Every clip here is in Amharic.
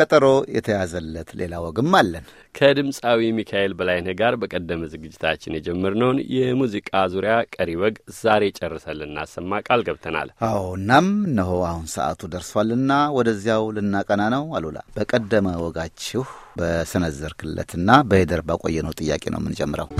ቀጠሮ የተያዘለት ሌላ ወግም አለን። ከድምፃዊ ሚካኤል በላይነህ ጋር በቀደመ ዝግጅታችን የጀመርነውን የሙዚቃ ዙሪያ ቀሪ ወግ ዛሬ ጨርሰን ልናሰማ ቃል ገብተናል። አዎ፣ እናም እነሆ አሁን ሰዓቱ ደርሷልና ወደዚያው ልናቀና ነው። አሉላ፣ በቀደመ ወጋችሁ በሰነዘርክለትና በሄደር ባቆየነው ጥያቄ ነው የምንጀምረው።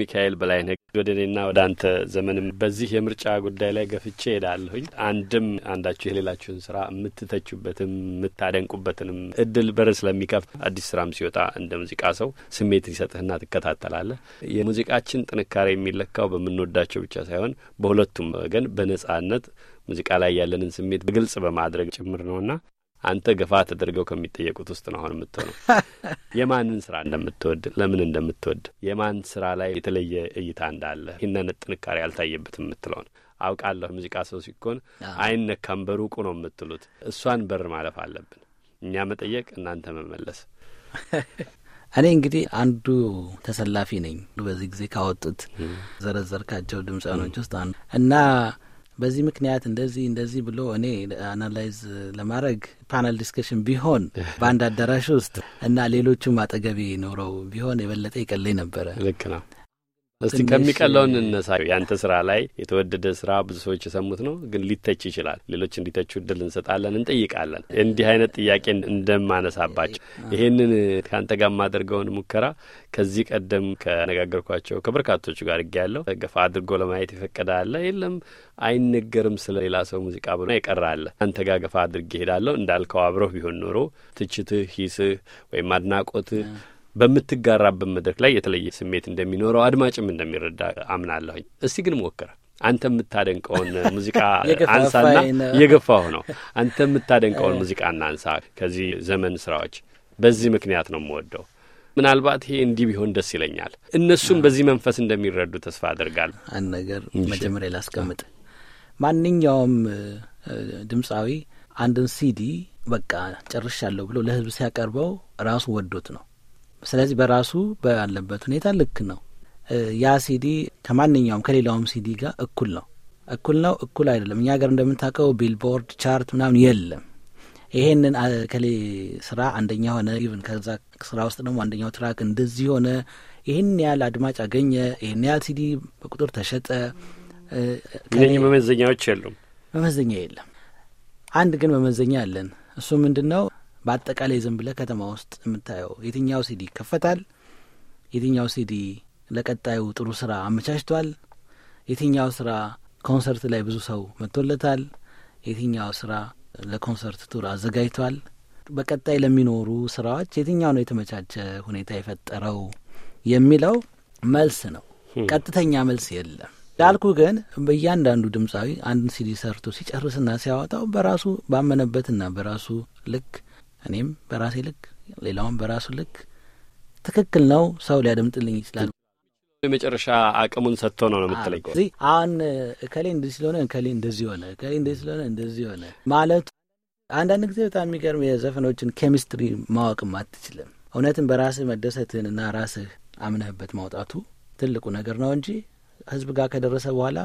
ሚካኤል በላይነህ ወደ እኔና ወደ አንተ ዘመንም በዚህ የምርጫ ጉዳይ ላይ ገፍቼ ሄዳለሁኝ። አንድም አንዳችሁ የሌላችሁን ስራ የምትተቹበትም የምታደንቁበትንም እድል በር ስለሚከፍት አዲስ ስራም ሲወጣ እንደ ሙዚቃ ሰው ስሜት ሊሰጥህና ትከታተላለህ። የሙዚቃችን ጥንካሬ የሚለካው በምንወዳቸው ብቻ ሳይሆን በሁለቱም ወገን በነጻነት ሙዚቃ ላይ ያለንን ስሜት በግልጽ በማድረግ ጭምር ነውና አንተ ገፋ ተደርገው ከሚጠየቁት ውስጥ ነው አሁን የምትሆነው። የማንን ስራ እንደምትወድ፣ ለምን እንደምትወድ፣ የማን ስራ ላይ የተለየ እይታ እንዳለ ይህንን ጥንካሬ አልታየበትም የምትለውን አውቃለሁ። ሙዚቃ ሰው ሲኮን አይነካም በሩቁ ነው የምትሉት። እሷን በር ማለፍ አለብን እኛ መጠየቅ፣ እናንተ መመለስ። እኔ እንግዲህ አንዱ ተሰላፊ ነኝ በዚህ ጊዜ ካወጡት ዘረዘርካቸው ድምፃኖች ውስጥ አንዱ እና በዚህ ምክንያት እንደዚህ እንደዚህ ብሎ እኔ አናላይዝ ለማድረግ ፓናል ዲስከሽን ቢሆን በአንድ አዳራሽ ውስጥ እና ሌሎቹም አጠገቤ ኖረው ቢሆን የበለጠ ይቀለኝ ነበረ። ልክ ነው። እስቲ ከሚቀለው እንነሳ። ያንተ ስራ ላይ የተወደደ ስራ ብዙ ሰዎች የሰሙት ነው፣ ግን ሊተች ይችላል። ሌሎች እንዲተቹ እድል እንሰጣለን፣ እንጠይቃለን። እንዲህ አይነት ጥያቄ እንደማነሳባቸው ይህንን ከአንተ ጋር የማደርገውን ሙከራ ከዚህ ቀደም ከነጋገርኳቸው ከበርካቶቹ ጋር እግ ያለው ገፋ አድርጎ ለማየት የፈቀደ አለ የለም አይነገርም ስለ ሌላ ሰው ሙዚቃ ብሎ የቀረ አንተ ጋር ገፋ አድርጌ እሄዳለሁ እንዳልከው አብረህ ቢሆን ኖሮ ትችትህ፣ ሂስህ ወይም አድናቆትህ በምትጋራበት መድረክ ላይ የተለየ ስሜት እንደሚኖረው አድማጭም እንደሚረዳ አምናለሁኝ። እስቲ ግን ሞክረ አንተ የምታደንቀውን ሙዚቃ አንሳና የገፋሁ ነው። አንተ የምታደንቀውን ሙዚቃ እናንሳ ከዚህ ዘመን ስራዎች። በዚህ ምክንያት ነው የምወደው። ምናልባት ይሄ እንዲህ ቢሆን ደስ ይለኛል። እነሱም በዚህ መንፈስ እንደሚረዱ ተስፋ አድርጋል አንድ ነገር መጀመሪያ ላስቀምጥ። ማንኛውም ድምፃዊ አንድን ሲዲ በቃ ጨርሻለሁ ብሎ ለህዝብ ሲያቀርበው ራሱ ወዶት ነው ስለዚህ በራሱ ባለበት ሁኔታ ልክ ነው። ያ ሲዲ ከማንኛውም ከሌላውም ሲዲ ጋር እኩል ነው። እኩል ነው፣ እኩል አይደለም። እኛ ሀገር እንደምታውቀው ቢልቦርድ ቻርት ምናምን የለም። ይሄንን ከሌ ስራ አንደኛ ሆነ፣ ኢቭን ከዛ ስራ ውስጥ ደግሞ አንደኛው ትራክ እንደዚህ ሆነ፣ ይህን ያህል አድማጭ አገኘ፣ ይህን ያህል ሲዲ በቁጥር ተሸጠ፣ እነኚህ መመዘኛዎች የሉም። መመዘኛ የለም። አንድ ግን መመዘኛ አለን። እሱ ምንድን ነው? በአጠቃላይ ዝም ብለህ ከተማ ውስጥ የምታየው የትኛው ሲዲ ይከፈታል፣ የትኛው ሲዲ ለቀጣዩ ጥሩ ስራ አመቻችቷል፣ የትኛው ስራ ኮንሰርት ላይ ብዙ ሰው መጥቶለታል፣ የትኛው ስራ ለኮንሰርት ቱር አዘጋጅቷል፣ በቀጣይ ለሚኖሩ ስራዎች የትኛው ነው የተመቻቸ ሁኔታ የፈጠረው የሚለው መልስ ነው። ቀጥተኛ መልስ የለም። ላልኩ ግን በእያንዳንዱ ድምፃዊ አንድ ሲዲ ሰርቶ ሲጨርስና ሲያወጣው በራሱ ባመነበትና በራሱ ልክ እኔም በራሴ ልክ ሌላውን በራሱ ልክ ትክክል ነው። ሰው ሊያደምጥልኝ ይችላል። የመጨረሻ አቅሙን ሰጥቶ ነው ነው የምትለኝ። እዚህ አሁን እከሌ እንደዚህ ስለሆነ እከሌ እንደዚህ ሆነ፣ እከሌ እንደዚህ ስለሆነ እንደዚህ ሆነ ማለቱ አንዳንድ ጊዜ በጣም የሚገርም የዘፈኖችን ኬሚስትሪ ማወቅም አትችልም። እውነትም በራስህ መደሰትህን እና ራስህ አምነህበት ማውጣቱ ትልቁ ነገር ነው እንጂ ህዝብ ጋር ከደረሰ በኋላ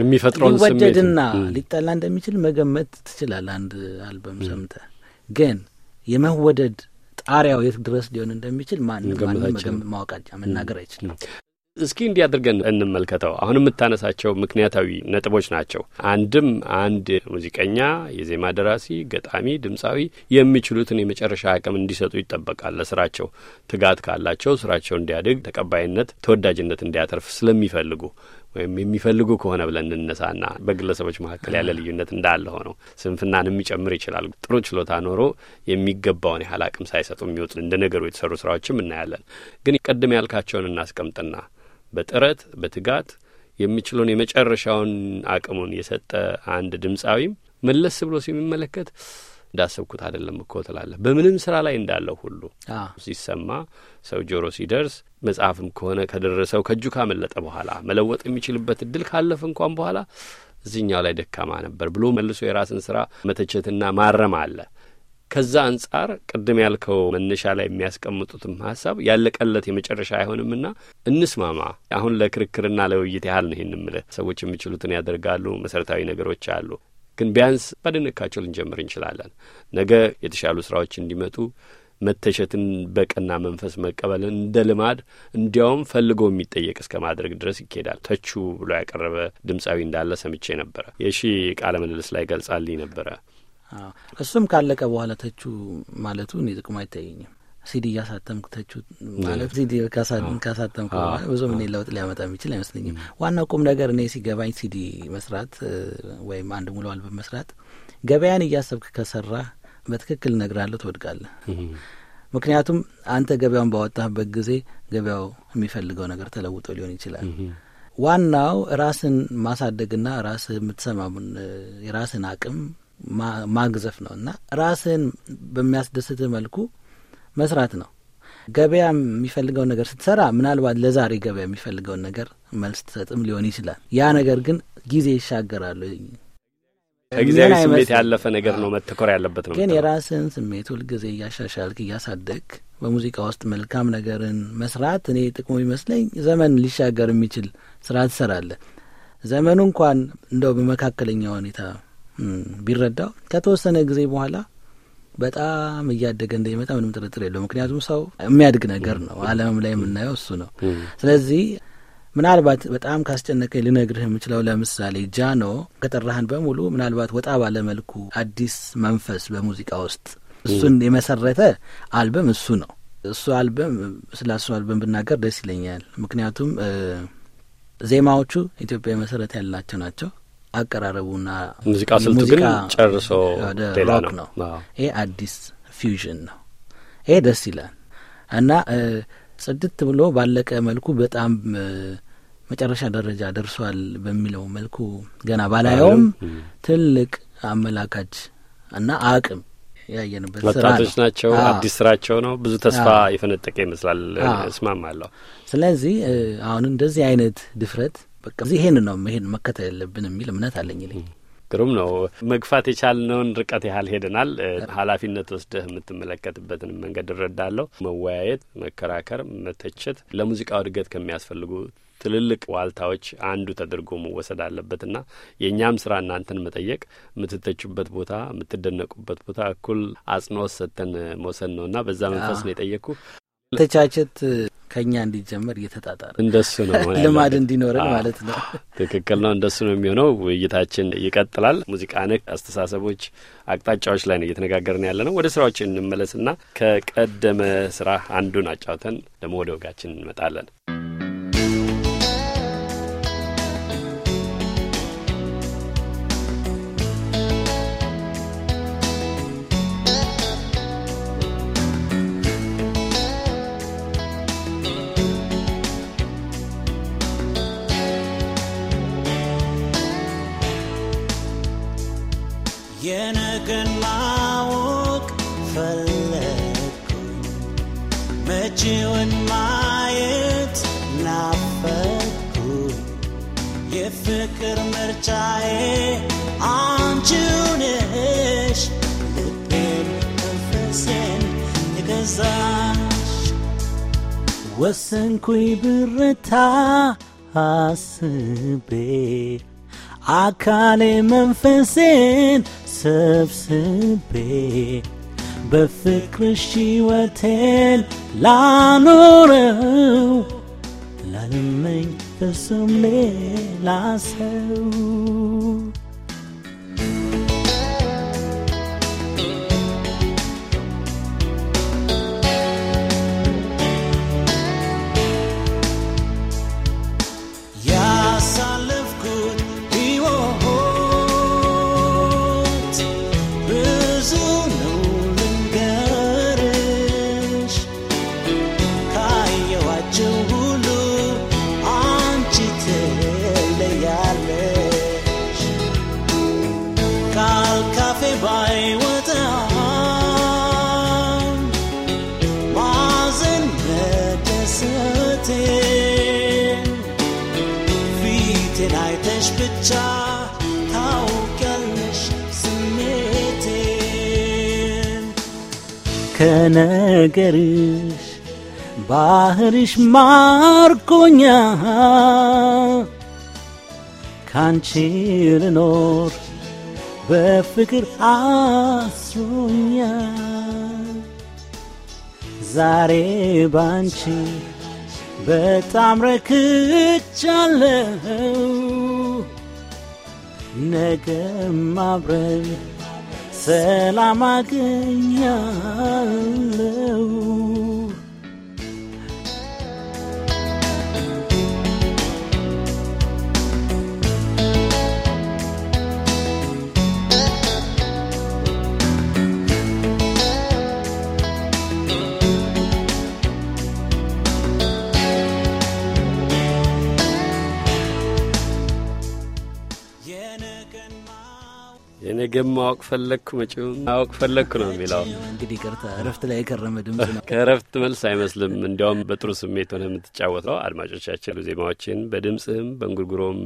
የሚፈጥረውን ሊወደድና ሊጠላ እንደሚችል መገመት ትችላል። አንድ አልበም ሰምተህ ግን የመወደድ ጣሪያው የት ድረስ ሊሆን እንደሚችል ማንም ማንም ማወቅ መናገር አይችልም። እስኪ እንዲህ አድርገን እንመልከተው። አሁን የምታነሳቸው ምክንያታዊ ነጥቦች ናቸው። አንድም አንድ ሙዚቀኛ፣ የዜማ ደራሲ፣ ገጣሚ፣ ድምፃዊ የሚችሉትን የመጨረሻ አቅም እንዲሰጡ ይጠበቃል። ለስራቸው ትጋት ካላቸው ስራቸው እንዲያድግ፣ ተቀባይነት፣ ተወዳጅነት እንዲያተርፍ ስለሚፈልጉ ወይም የሚፈልጉ ከሆነ ብለን እንነሳና በግለሰቦች መካከል ያለ ልዩነት እንዳለ ሆኖ ስንፍናን የሚጨምር ይችላል። ጥሩ ችሎታ ኖሮ የሚገባውን ያህል አቅም ሳይሰጡ የሚወጡ እንደ ነገሩ የተሰሩ ስራዎችም እናያለን። ግን ቀድም ያልካቸውን እናስቀምጥና በጥረት በትጋት የሚችለውን የመጨረሻውን አቅሙን የሰጠ አንድ ድምፃዊም መለስ ብሎ ሲመለከት እንዳሰብኩት አይደለም እኮ ትላለህ። በምንም ስራ ላይ እንዳለው ሁሉ ሲሰማ ሰው ጆሮ ሲደርስ መጽሐፍም ከሆነ ከደረሰው ከእጁ ካመለጠ በኋላ መለወጥ የሚችልበት እድል ካለፍ እንኳን በኋላ እዚኛው ላይ ደካማ ነበር ብሎ መልሶ የራስን ስራ መተቸትና ማረም አለ። ከዛ አንጻር ቅድም ያልከው መነሻ ላይ የሚያስቀምጡትም ሀሳብ ያለቀለት የመጨረሻ አይሆንምና እንስማማ። አሁን ለክርክርና ለውይይት ያህል ነው ይህን ምልህ። ሰዎች የሚችሉትን ያደርጋሉ። መሰረታዊ ነገሮች አሉ። ግን ቢያንስ ባደነካቸው ልንጀምር እንችላለን። ነገ የተሻሉ ስራዎች እንዲመጡ መተሸትን በቀና መንፈስ መቀበልን እንደ ልማድ እንዲያውም ፈልጎ የሚጠየቅ እስከ ማድረግ ድረስ ይኬዳል። ተቹ ብሎ ያቀረበ ድምፃዊ እንዳለ ሰምቼ ነበረ። የሺ ቃለ ምልልስ ላይ ገልጻልኝ ነበረ። እሱም ካለቀ በኋላ ተቹ ማለቱ እኔ ጥቅሙ አይታየኝም። ሲዲ እያሳተምክ ተችው ማለት ሲዲ ካሳተምክ ብዙ ምን ለውጥ ሊያመጣ የሚችል አይመስለኝም። ዋናው ቁም ነገር እኔ ሲገባኝ ሲዲ መስራት ወይም አንድ ሙሉ አልበም መስራት ገበያን እያሰብክ ከሰራ በትክክል እነግርሃለሁ ትወድቃለህ። ምክንያቱም አንተ ገበያውን ባወጣህበት ጊዜ ገበያው የሚፈልገው ነገር ተለውጦ ሊሆን ይችላል። ዋናው ራስን ማሳደግና ራስህ የምትሰማውን የራስን አቅም ማግዘፍ ነው እና ራስህን በሚያስደስትህ መልኩ መስራት ነው። ገበያ የሚፈልገውን ነገር ስትሰራ ምናልባት ለዛሬ ገበያ የሚፈልገውን ነገር መልስ ትሰጥም ሊሆን ይችላል። ያ ነገር ግን ጊዜ ይሻገራሉ። ከጊዜያዊ ስሜት ያለፈ ነገር ነው፣ መተኮር ያለበት ነው። ግን የራስህን ስሜት ሁልጊዜ እያሻሻልክ እያሳደግ በሙዚቃ ውስጥ መልካም ነገርን መስራት እኔ ጥቅሙ ይመስለኝ ዘመን ሊሻገር የሚችል ስራ ትሰራለህ። ዘመኑ እንኳን እንደው በመካከለኛ ሁኔታ ቢረዳው ከተወሰነ ጊዜ በኋላ በጣም እያደገ እንደሚመጣ ምንም ጥርጥር የለው። ምክንያቱም ሰው የሚያድግ ነገር ነው። ዓለምም ላይ የምናየው እሱ ነው። ስለዚህ ምናልባት በጣም ካስጨነቀኝ ልነግርህ የምችለው ለምሳሌ ጃኖ ከጠራህን በሙሉ ምናልባት ወጣ ባለ መልኩ አዲስ መንፈስ በሙዚቃ ውስጥ እሱን የመሰረተ አልበም እሱ ነው። እሱ አልበም ስለ እሱ አልበም ብናገር ደስ ይለኛል። ምክንያቱም ዜማዎቹ ኢትዮጵያ መሰረት ያላቸው ናቸው። አቀራረቡና ሙዚቃ ስልቱ ግን ጨርሶ ሌላ ነው። ይሄ አዲስ ፊውዥን ነው። ይሄ ደስ ይላል እና ጽድት ብሎ ባለቀ መልኩ በጣም መጨረሻ ደረጃ ደርሷል በሚለው መልኩ ገና ባላየውም ትልቅ አመላካች እና አቅም ያየንበት ወጣቶች ናቸው። አዲስ ስራቸው ነው። ብዙ ተስፋ የፈነጠቀ ይመስላል። እስማማለሁ። ስለዚህ አሁን እንደዚህ አይነት ድፍረት በቃ ይሄን ነው ይሄን መከተል ያለብን የሚል እምነት አለኝ ልኝ ግሩም ነው። መግፋት የቻልነውን ርቀት ያህል ሄደናል። ኃላፊነት ወስደህ የምትመለከትበትን መንገድ እረዳለሁ። መወያየት፣ መከራከር፣ መተቸት ለሙዚቃው እድገት ከሚያስፈልጉ ትልልቅ ዋልታዎች አንዱ ተደርጎ መወሰድ አለበትና የእኛም ስራ እናንተን መጠየቅ የምትተቹበት ቦታ የምትደነቁበት ቦታ እኩል አጽንኦት ሰጥተን መውሰድ ነውና በዛ መንፈስ ነው የጠየቅኩ። ተቻቸት ከኛ እንዲጀመር እየተጣጣረ እንደሱ ነው ልማድ እንዲኖረን ማለት ነው። ትክክል ነው። እንደሱ ነው የሚሆነው። ውይይታችን ይቀጥላል። ሙዚቃ ነክ አስተሳሰቦች፣ አቅጣጫዎች ላይ ነው እየተነጋገርን ያለ ነው። ወደ ስራዎች እንመለስና ከቀደመ ስራ አንዱን አጫውተን ደግሞ ወደ ወጋችን እንመጣለን። ብቻዬ አንቺውንሽ ልቤን መንፈሴን የገዛሽ ወሰንኩኝ ብርታ አስቤ አካሌ መንፈሴን ሰብስቤ በፍቅርሽ ሕይወቴን ላኖረው ላልመኝ እርሱም ሌላ ሰው ከነገርሽ ባህርሽ ማርኮኛ ካንቺ ልኖር በፍቅር አስሮኛል ዛሬ ባንቺ በጣም ረክቻለሁ ነገም አብረን ሰላም አገኛለሁ ቅድም ማወቅ ፈለግኩ፣ መጪውን ማወቅ ፈለግኩ ነው የሚለው። እንግዲህ ቅርታ እረፍት ላይ የከረመ ድምፅ ነው። ከእረፍት መልስ አይመስልም። እንዲያውም በጥሩ ስሜት ሆነ የምትጫወት ነው። አድማጮቻችን ዜማዎችን በድምፅህም በእንጉርጉሮም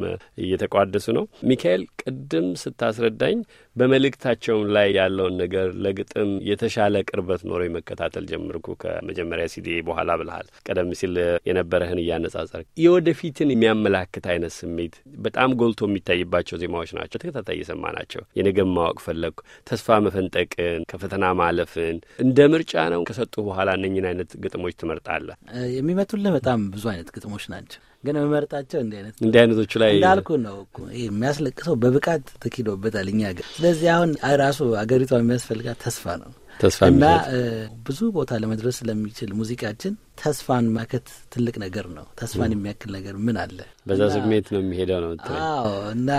እየተቋደሱ ነው። ሚካኤል፣ ቅድም ስታስረዳኝ በመልእክታቸውም ላይ ያለውን ነገር ለግጥም የተሻለ ቅርበት ኖሮ መከታተል ጀምርኩ ከመጀመሪያ ሲዲ በኋላ ብልሃል። ቀደም ሲል የነበረህን እያነጻጸር የወደፊትን የሚያመላክት አይነት ስሜት በጣም ጎልቶ የሚታይባቸው ዜማዎች ናቸው። ተከታታይ የሰማ ናቸው የነገማ ማወቅ ፈለግኩ። ተስፋ መፈንጠቅን፣ ከፈተና ማለፍን እንደ ምርጫ ነው ከሰጡ በኋላ እነኝን አይነት ግጥሞች ትመርጣለህ? የሚመቱልህ በጣም ብዙ አይነት ግጥሞች ናቸው፣ ግን የምመርጣቸው እንዲህ አይነት እንዲህ አይነቶቹ ላይ እንዳልኩ ነው እኮ ይሄ የሚያስለቅሰው በብቃት ተኪዶበታል እኛ ሀገር። ስለዚህ አሁን ራሱ አገሪቷ የሚያስፈልጋት ተስፋ ነው። እና ብዙ ቦታ ለመድረስ ስለሚችል ሙዚቃችን ተስፋን ማከት ትልቅ ነገር ነው። ተስፋን የሚያክል ነገር ምን አለ? በዛ ስሜት ነው የሚሄደው ነው። አዎ። እና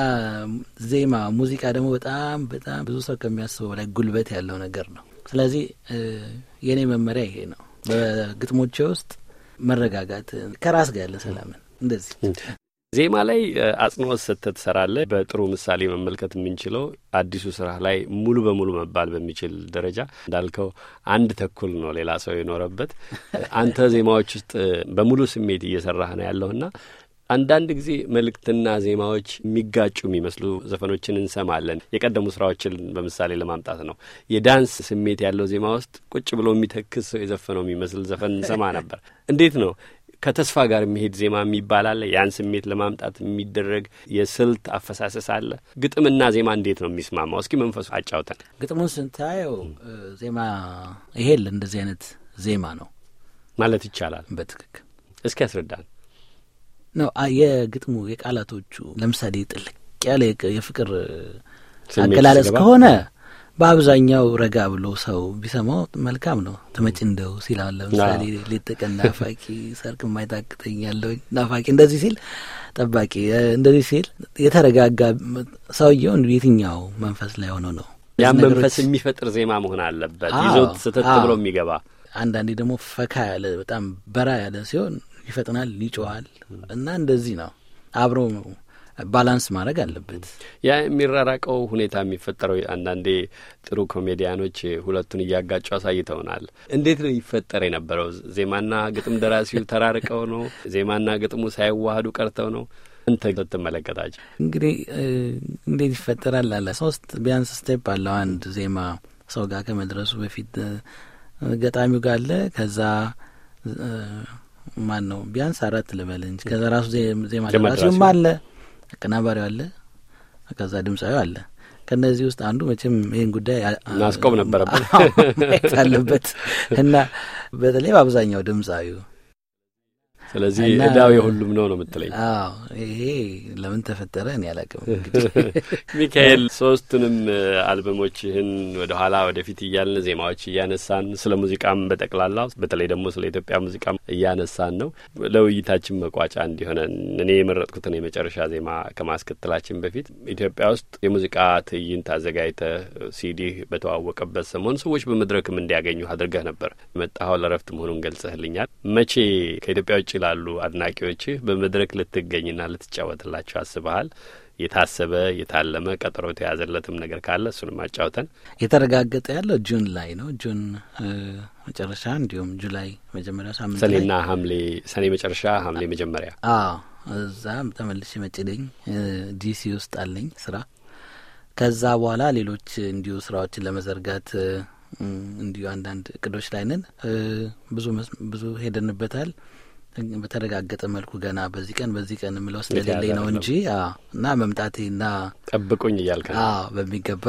ዜማ ሙዚቃ ደግሞ በጣም በጣም ብዙ ሰው ከሚያስበው በላይ ጉልበት ያለው ነገር ነው። ስለዚህ የእኔ መመሪያ ይሄ ነው። በግጥሞቼ ውስጥ መረጋጋት፣ ከራስ ጋር ያለ ሰላምን እንደዚህ ዜማ ላይ አጽንኦት ሰጥተህ ትሰራለህ። በጥሩ ምሳሌ መመልከት የምንችለው አዲሱ ስራ ላይ ሙሉ በሙሉ መባል በሚችል ደረጃ እንዳልከው አንድ ተኩል ነው ሌላ ሰው የኖረበት። አንተ ዜማዎች ውስጥ በሙሉ ስሜት እየሰራህ ነው ያለሁና አንዳንድ ጊዜ መልእክትና ዜማዎች የሚጋጩ የሚመስሉ ዘፈኖችን እንሰማለን። የቀደሙ ስራዎችን በምሳሌ ለማምጣት ነው። የዳንስ ስሜት ያለው ዜማ ውስጥ ቁጭ ብሎ የሚተክስ ሰው የዘፈነው የሚመስል ዘፈን እንሰማ ነበር። እንዴት ነው ከተስፋ ጋር የሚሄድ ዜማ የሚባል አለ። ያን ስሜት ለማምጣት የሚደረግ የስልት አፈሳሰስ አለ። ግጥምና ዜማ እንዴት ነው የሚስማማው? እስኪ መንፈሱ አጫውተን። ግጥሙን ስንታየው ዜማ ይሄል እንደዚህ አይነት ዜማ ነው ማለት ይቻላል። በትክክል እስኪ ያስረዳን ነው የግጥሙ የቃላቶቹ ለምሳሌ ጥልቅ ያለ የፍቅር አገላለጽ ከሆነ በአብዛኛው ረጋ ብሎ ሰው ቢሰማው መልካም ነው። ትመጭ እንደው ሲላል ለምሳሌ ሊጠቀን ናፋቂ ሰርክ የማይታክተኝ ያለው ናፋቂ እንደዚህ ሲል ጠባቂ እንደዚህ ሲል የተረጋጋ ሰውየው የትኛው መንፈስ ላይ ሆኖ ነው? ያን መንፈስ የሚፈጥር ዜማ መሆን አለበት ይዞት ስተት ብሎ የሚገባ አንዳንዴ ደግሞ ፈካ ያለ በጣም በራ ያለ ሲሆን ይፈጥናል፣ ይጮዋል እና እንደዚህ ነው አብረው ባላንስ ማድረግ አለበት። ያ የሚራራቀው ሁኔታ የሚፈጠረው አንዳንዴ ጥሩ ኮሜዲያኖች ሁለቱን እያጋጩ አሳይተውናል። እንዴት ነው ይፈጠር የነበረው? ዜማና ግጥም ደራሲው ተራርቀው ነው? ዜማና ግጥሙ ሳይዋሃዱ ቀርተው ነው? አንተ ትመለከታቸው እንግዲህ እንዴት ይፈጠራል አለ። ሶስት ቢያንስ ስቴፕ አለው። አንድ ዜማ ሰው ጋር ከመድረሱ በፊት ገጣሚው ጋር አለ። ከዛ ማን ነው ቢያንስ አራት ልበል እንጂ ከዛ ራሱ ዜማ ደራሲውም አለ አቀናባሪው አለ፣ ከዛ ድምፃዊ አለ። ከእነዚህ ውስጥ አንዱ መቼም ይህን ጉዳይ እናስቆም ነበረበት አለበት እና በተለይ በአብዛኛው ድምፃዊው ስለዚህ እዳው የሁሉም ነው ነው የምትለኝ? አዎ ይሄ ለምን ተፈጠረ እኔ አላቅም። ሚካኤል፣ ሶስቱንም አልበሞችህን ወደ ኋላ ወደፊት እያልን ዜማዎች እያነሳን ስለ ሙዚቃም በጠቅላላ በተለይ ደግሞ ስለ ኢትዮጵያ ሙዚቃም እያነሳን ነው። ለውይይታችን መቋጫ እንዲሆነን እኔ የመረጥኩትን የመጨረሻ ዜማ ከማስከተላችን በፊት ኢትዮጵያ ውስጥ የሙዚቃ ትዕይንት አዘጋጅተህ ሲዲህ በተዋወቀበት ሰሞን ሰዎች በመድረክም እንዲያገኙ አድርገህ ነበር። የመጣኸው ለረፍት መሆኑን ገልጸህልኛል። መቼ ከኢትዮጵያ ውጭ ይላሉ አድናቂዎች። በመድረክ ልትገኝና ልትጫወትላቸው አስበሃል? የታሰበ የታለመ ቀጠሮ የተያዘለትም ነገር ካለ እሱንም አጫውተን። የተረጋገጠ ያለው ጁን ላይ ነው። ጁን መጨረሻ እንዲሁም ጁላይ መጀመሪያ ሳምንት ሰኔና ሐምሌ ሰኔ መጨረሻ ሐምሌ መጀመሪያ። አዎ እዛ ተመልሼ መጭደኝ ዲሲ ውስጥ አለኝ ስራ። ከዛ በኋላ ሌሎች እንዲሁ ስራዎችን ለመዘርጋት እንዲሁ አንዳንድ እቅዶች ላይ ነን። ብዙ ብዙ ሄደንበታል። በተረጋገጠ መልኩ ገና በዚህ ቀን በዚህ ቀን የምለው ስለሌለኝ ነው እንጂ እና መምጣቴ መምጣቴና ጠብቁኝ እያልከ በሚገባ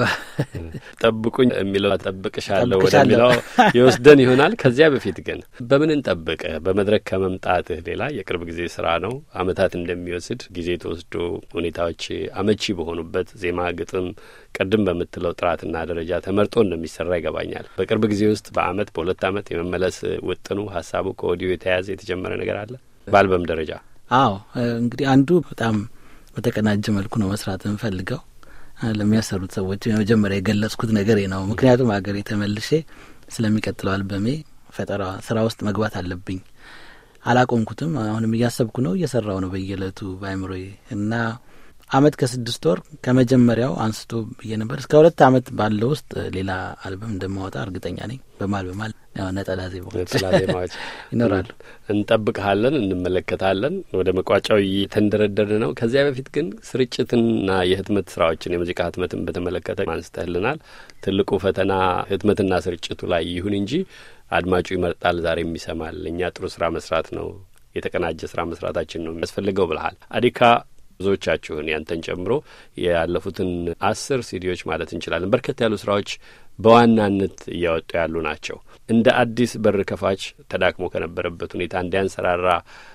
ጠብቁኝ የሚለው ጠብቅሻለሁ ወደሚለው የወስደን ይሆናል። ከዚያ በፊት ግን በምን እንጠብቅ? በመድረክ ከመምጣትህ ሌላ የቅርብ ጊዜ ስራ ነው። አመታት እንደሚወስድ ጊዜ ተወስዶ ሁኔታዎች አመቺ በሆኑበት ዜማ፣ ግጥም ቅድም በምትለው ጥራትና ደረጃ ተመርጦ እንደሚሰራ ይገባኛል። በቅርብ ጊዜ ውስጥ በአመት በሁለት አመት የመመለስ ውጥኑ ሀሳቡ ከወዲሁ የተያዘ የተጀመረ ነገር አለ በአልበም ደረጃ? አዎ እንግዲህ አንዱ በጣም በተቀናጀ መልኩ ነው መስራት እንፈልገው ለሚያሰሩት ሰዎች የመጀመሪያ የገለጽኩት ነገሬ ነው። ምክንያቱም ሀገሬ ተመልሼ ስለሚቀጥለው አልበሜ ፈጠራ ስራ ውስጥ መግባት አለብኝ። አላቆምኩትም። አሁንም እያሰብኩ ነው፣ እየሰራው ነው በየእለቱ በአይምሮዬ እና አመት ከስድስት ወር ከመጀመሪያው አንስቶ ብዬ ነበር እስከ ሁለት አመት ባለው ውስጥ ሌላ አልበም እንደማወጣ እርግጠኛ ነኝ። በማል በማል ነጠላ ዜማዎች ይኖራሉ። እንጠብቅሃለን፣ እንመለከታለን። ወደ መቋጫው እየተንደረደር ነው። ከዚያ በፊት ግን ስርጭትንና የህትመት ስራዎችን የሙዚቃ ህትመትን በተመለከተ አንስተህልናል። ትልቁ ፈተና ህትመትና ስርጭቱ ላይ ይሁን እንጂ አድማጩ ይመርጣል፣ ዛሬም ይሰማል። እኛ ጥሩ ስራ መስራት ነው የተቀናጀ ስራ መስራታችን ነው የሚያስፈልገው ብልሃል አዲካ ብዙዎቻችሁን ያንተን ጨምሮ ያለፉትን አስር ሲዲዎች ማለት እንችላለን በርከት ያሉ ስራዎች በዋናነት እያወጡ ያሉ ናቸው። እንደ አዲስ በር ከፋች ተዳክሞ ከነበረበት ሁኔታ እንዲያንሰራራ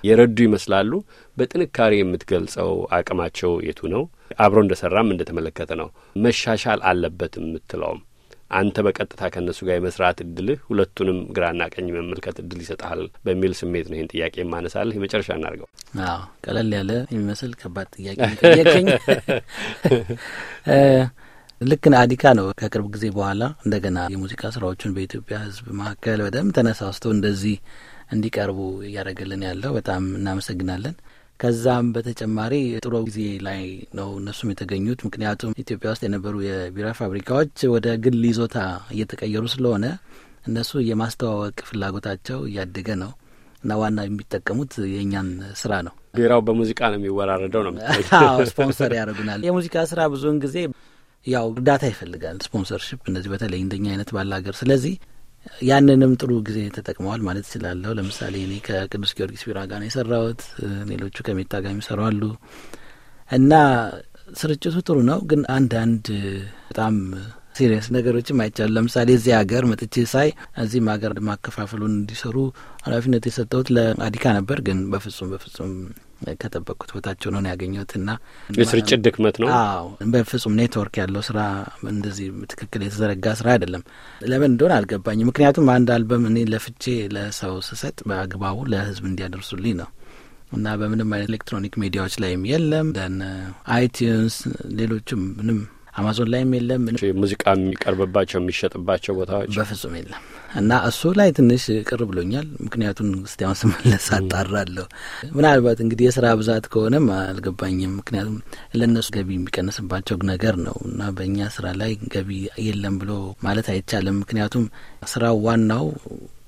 የረዱ ይመስላሉ። በጥንካሬ የምትገልጸው አቅማቸው የቱ ነው? አብሮ እንደሰራም እንደተመለከተ ነው መሻሻል አለበት የምትለውም አንተ በቀጥታ ከእነሱ ጋር የመስራት እድልህ ሁለቱንም ግራና ቀኝ መመልከት እድል ይሰጠሃል በሚል ስሜት ነው ይህን ጥያቄ ማነሳልህ። የመጨረሻ እናድርገው። አዎ ቀለል ያለ የሚመስል ከባድ ጥያቄ ጠየቀኝ። ልክ አዲካ ነው ከቅርብ ጊዜ በኋላ እንደገና የሙዚቃ ስራዎቹን በኢትዮጵያ ሕዝብ መካከል በደንብ ተነሳስቶ እንደዚህ እንዲቀርቡ እያደረገልን ያለው በጣም እናመሰግናለን። ከዛም በተጨማሪ ጥሩ ጊዜ ላይ ነው እነሱም የተገኙት። ምክንያቱም ኢትዮጵያ ውስጥ የነበሩ የቢራ ፋብሪካዎች ወደ ግል ይዞታ እየተቀየሩ ስለሆነ እነሱ የማስተዋወቅ ፍላጎታቸው እያደገ ነው እና ዋና የሚጠቀሙት የእኛን ስራ ነው። ቢራው በሙዚቃ ነው የሚወራረደው ነው። ስፖንሰር ያደርጉናል። የሙዚቃ ስራ ብዙውን ጊዜ ያው እርዳታ ይፈልጋል፣ ስፖንሰርሽፕ፣ እነዚህ በተለይ እንደኛ አይነት ባለ ሀገር። ስለዚህ ያንንም ጥሩ ጊዜ ተጠቅመዋል ማለት ይችላለሁ። ለምሳሌ እኔ ከቅዱስ ጊዮርጊስ ቢራ ጋር ነው የሰራሁት። ሌሎቹ ከሜታ ጋር የሚሰሩ አሉ እና ስርጭቱ ጥሩ ነው። ግን አንዳንድ በጣም ሲሪየስ ነገሮችም አይቻሉ። ለምሳሌ እዚህ ሀገር መጥቼ ሳይ እዚህም ሀገር ማከፋፈሉን እንዲሰሩ ኃላፊነት የሰጠሁት ለአዲካ ነበር። ግን በፍጹም በፍጹም ከጠበቁት ቦታቸው ነው ያገኘሁት እና የስርጭት ድክመት ነው። አዎ በፍጹም ኔትወርክ ያለው ስራ እንደዚህ ትክክል የተዘረጋ ስራ አይደለም። ለምን እንደሆነ አልገባኝም። ምክንያቱም አንድ አልበም እኔ ለፍቼ ለሰው ስሰጥ በአግባቡ ለህዝብ እንዲያደርሱልኝ ነው እና በምንም አይነት ኤሌክትሮኒክ ሚዲያዎች ላይም የለም ደን አይቲዩንስ uh, ሌሎችም ምንም አማዞን ላይም የለም። ሙዚቃ የሚቀርብባቸው የሚሸጥባቸው ቦታዎች በፍጹም የለም እና እሱ ላይ ትንሽ ቅር ብሎኛል። ምክንያቱን ስቲያውን ስመለስ አጣራለሁ። ምናልባት እንግዲህ የስራ ብዛት ከሆነም አልገባኝም። ምክንያቱም ለእነሱ ገቢ የሚቀንስባቸው ነገር ነው እና በእኛ ስራ ላይ ገቢ የለም ብሎ ማለት አይቻልም። ምክንያቱም ስራው ዋናው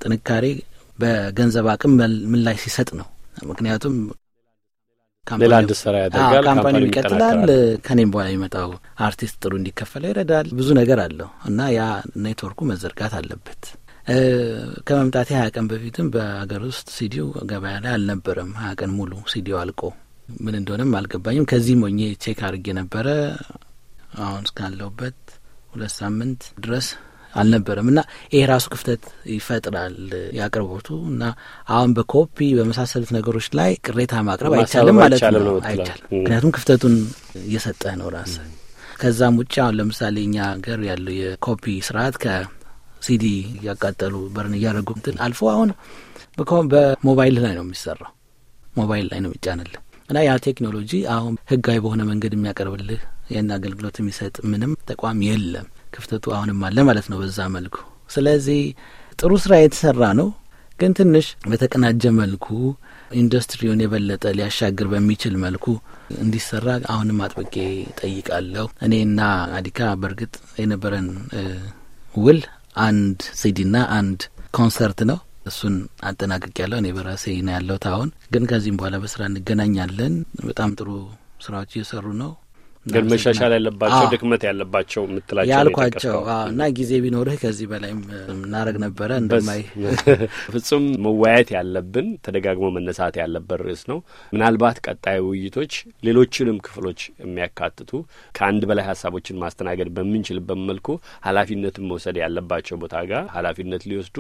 ጥንካሬ በገንዘብ አቅም ምላሽ ሲሰጥ ነው። ምክንያቱም ሌላ ስራ ያደርጋል። ካምፓኒ ይቀጥላል። ከኔም በኋላ የሚመጣው አርቲስት ጥሩ እንዲከፈለው ይረዳል። ብዙ ነገር አለው እና ያ ኔትወርኩ መዘርጋት አለበት። ከመምጣት ሀያ ቀን በፊትም በሀገር ውስጥ ሲዲዮ ገበያ ላይ አልነበረም። ሀያ ቀን ሙሉ ሲዲዮ አልቆ ምን እንደሆነም አልገባኝም። ከዚህ ሞኜ ቼክ አድርጌ ነበረ። አሁን እስካለሁበት ሁለት ሳምንት ድረስ አልነበረም እና ይሄ ራሱ ክፍተት ይፈጥራል የአቅርቦቱ እና አሁን በኮፒ በመሳሰሉት ነገሮች ላይ ቅሬታ ማቅረብ አይቻልም ማለት ነው። አይቻልም፣ ምክንያቱም ክፍተቱን እየሰጠ ነው ራስ ከዛም ውጭ አሁን ለምሳሌ እኛ ሀገር ያለው የኮፒ ስርዓት ከሲዲ እያቃጠሉ በርን እያደረጉ እንትን አልፎ አሁን በሞባይል ላይ ነው የሚሰራው፣ ሞባይል ላይ ነው የሚጫንልህ እና ያ ቴክኖሎጂ አሁን ህጋዊ በሆነ መንገድ የሚያቀርብልህ ይህን አገልግሎት የሚሰጥ ምንም ተቋም የለም። ክፍተቱ አሁንም አለ ማለት ነው በዛ መልኩ። ስለዚህ ጥሩ ስራ የተሰራ ነው፣ ግን ትንሽ በተቀናጀ መልኩ ኢንዱስትሪውን የበለጠ ሊያሻግር በሚችል መልኩ እንዲሰራ አሁንም አጥብቄ ጠይቃለሁ። እኔና አዲካ በእርግጥ የነበረን ውል አንድ ሲዲና አንድ ኮንሰርት ነው። እሱን አጠናቅቅ ያለው እኔ በራሴ ነው ያለሁት አሁን። ግን ከዚህም በኋላ በስራ እንገናኛለን። በጣም ጥሩ ስራዎች እየሰሩ ነው። ግን መሻሻል ያለባቸው ድክመት ያለባቸው የምትላቸው ያልኳቸው እና ጊዜ ቢኖርህ ከዚህ በላይ እናደረግ ነበረ እንደማይ ፍጹም መወያየት ያለብን ተደጋግሞ መነሳት ያለበት ርዕስ ነው። ምናልባት ቀጣይ ውይይቶች ሌሎችንም ክፍሎች የሚያካትቱ ከአንድ በላይ ሀሳቦችን ማስተናገድ በምንችልበት መልኩ ኃላፊነትን መውሰድ ያለባቸው ቦታ ጋር ኃላፊነት ሊወስዱ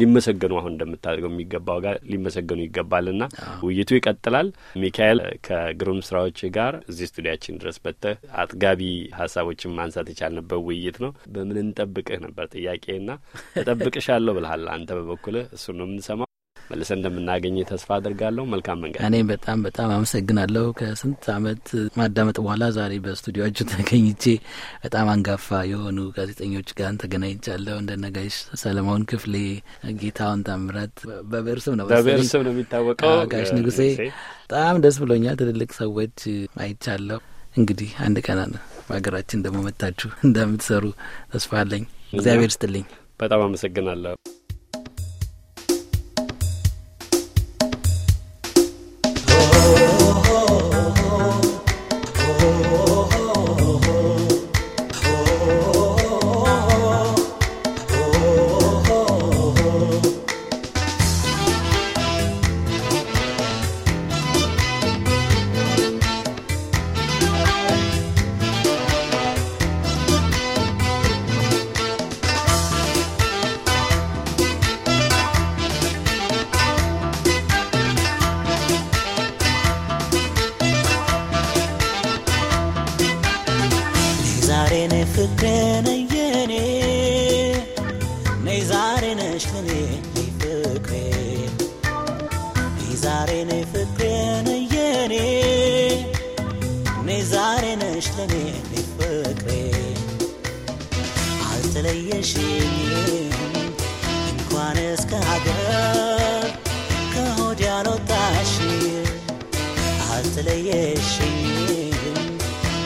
ሊመሰገኑ አሁን እንደምታደርገው የሚገባው ጋር ሊመሰገኑ ይገባልና ውይይቱ ይቀጥላል። ሚካኤል ከግሩም ስራዎች ጋር እዚህ ስቱዲያችን ድረስ ሰጥተህ አጥጋቢ ሀሳቦችን ማንሳት የቻልንበት ውይይት ነው። በምን እንጠብቅህ ነበር ና እጠብቅሻለሁ ብልሃል። አንተ በበኩልህ እሱን ነው የምንሰማው። መልሰ እንደምናገኝ ተስፋ አድርጋለሁ። መልካም መንገድ። እኔ በጣም በጣም አመሰግናለሁ። ከስንት አመት ማዳመጥ በኋላ ዛሬ በስቱዲዮአችሁ ተገኝቼ በጣም አንጋፋ የሆኑ ጋዜጠኞች ጋር ተገናኝቻለሁ። እንደ ነጋሽ ሰለሞን ክፍሌ፣ ጌታውን ታምራት በብዕር ስም ነው ስም ነው የሚታወቀው ጋሽ ንጉሴ። በጣም ደስ ብሎኛል። ትልልቅ ሰዎች አይቻለሁ። እንግዲህ አንድ ቀን በሀገራችን ደግሞ መታችሁ እንደምትሰሩ ተስፋ አለኝ። እግዚአብሔር ስትልኝ በጣም አመሰግናለሁ። ነሽ ለኔ ፍቅሬ አልተለየሽኝም እንኳን እስከ ሀገር ከሆድ ያልወጣሽ አልተለየሽኝም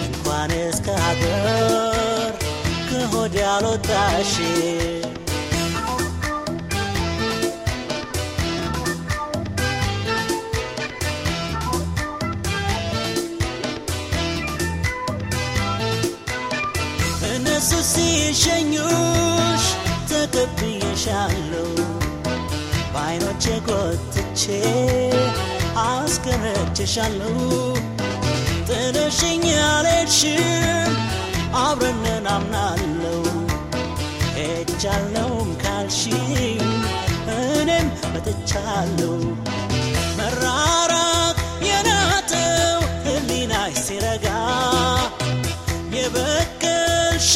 እንኳን እስከ ሀገር ከሆድ ያልወጣሽ ሲሸኙሽ ተቀብዬሻለሁ በአይኖቼ ጎትቼ አስገረችሻለሁ ጥለሽኝ ያልሄድሽም አብረንን አምናለሁ ሄጃለሁም ካልሽኝ እኔም መጥቻለሁ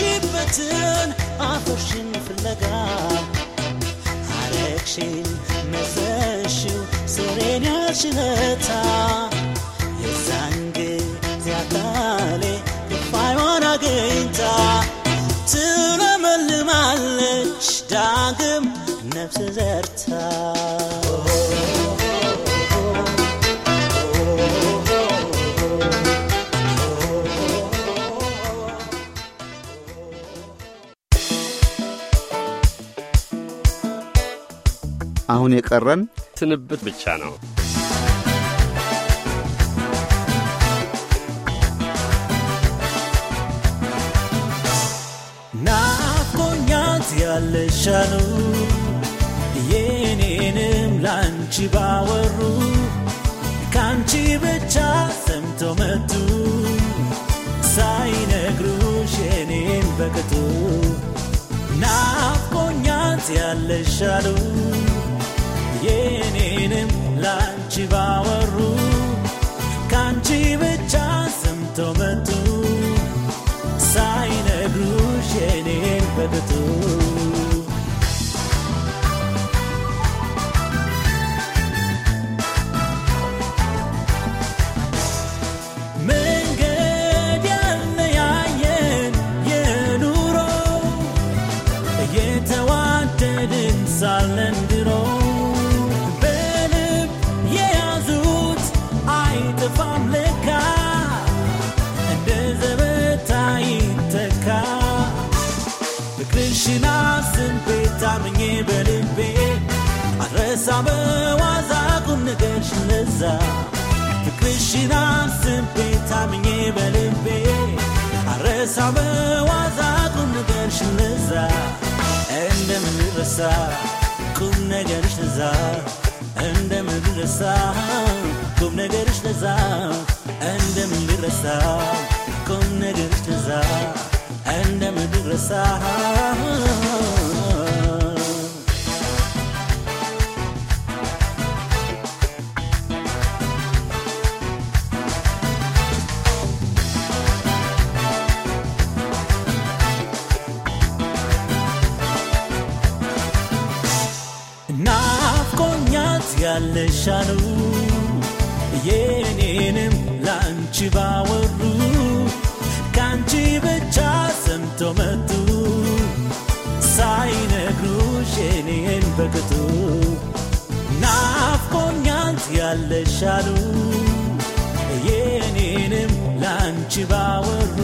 ያደግሽበትን አፈርሽን ፍለጋ አረግሽን መዘሽው ስሬን ያልሽለታ የዛን ጊዜ አካሌ ክፋዩን አገኝታ ትለመልማለች ዳግም ነፍስ ዘርታ አሁን የቀረን ስንብት ብቻ ነው። ናፍቆኛት ያለሻሉ የኔንም ላንቺ ባወሩ ካንቺ ብቻ ሰምቶ መቱ ሳይነግሩሽ የኔን በቅጡ ናፍቆኛት ያለሻሉ የኔንም ላንቺ ባወሩ ካንቺ ብቻ ሰምተው መጡ ሳይነግሩሽ የኔን በትቱ በዋዛ ቁም ነገርሽ ለዛ ፍቅርሽን አስቤ ታምኜ በልቤ አረሳ በዋዛ ቁም ነገርሽ ለዛ እንደምንረሳ ቁም ነገርሽ ለዛ እንደምንረሳ ቁም ነገርሽ ለዛ እንደምንረሳ ቁም ነገርሽ ለዛ እንደምንረሳ ትወዳለሽ የኔንም ለአንቺ ባወሩ ከአንቺ ብቻ ሰምቶ መጡ ሳይነግሩሽ የኔን በቅጡ ናፍቆኛል ትያለሽ የኔንም ለአንቺ ባወሩ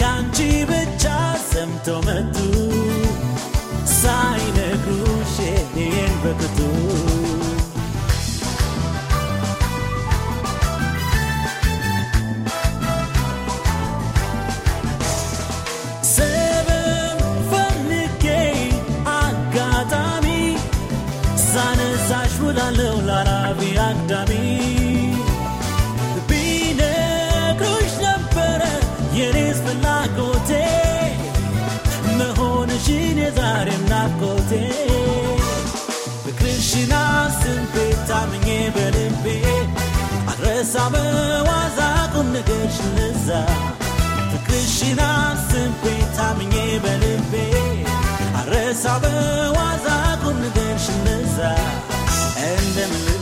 ከአንቺ ብቻ ሰምቶ መጡ ሳይነግሩሽ የኔን በቅጡ አለው ላራቢ አዳሚ ቢነግሮች ነበረ የኔስ ፍላጎቴ መሆንሽን የዛሬ ናፍቆቴ ፍቅርሽና ስንቤት ታምኜ በልቤ አድረሳ መዋዛ ቁም ነገርሽ ንዛ ፍቅርሽና ስንቤት ታምኜ በልቤ አድረሳ መዋዛ ቁም ነገርሽ ንዛ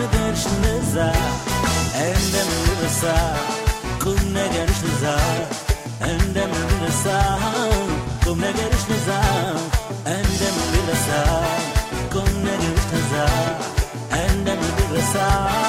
میدنش نزا اندم نرسا کم نگرش نزا اندم نرسا کم نگرش نزا اندم نرسا کم نگرش نزا اندم نرسا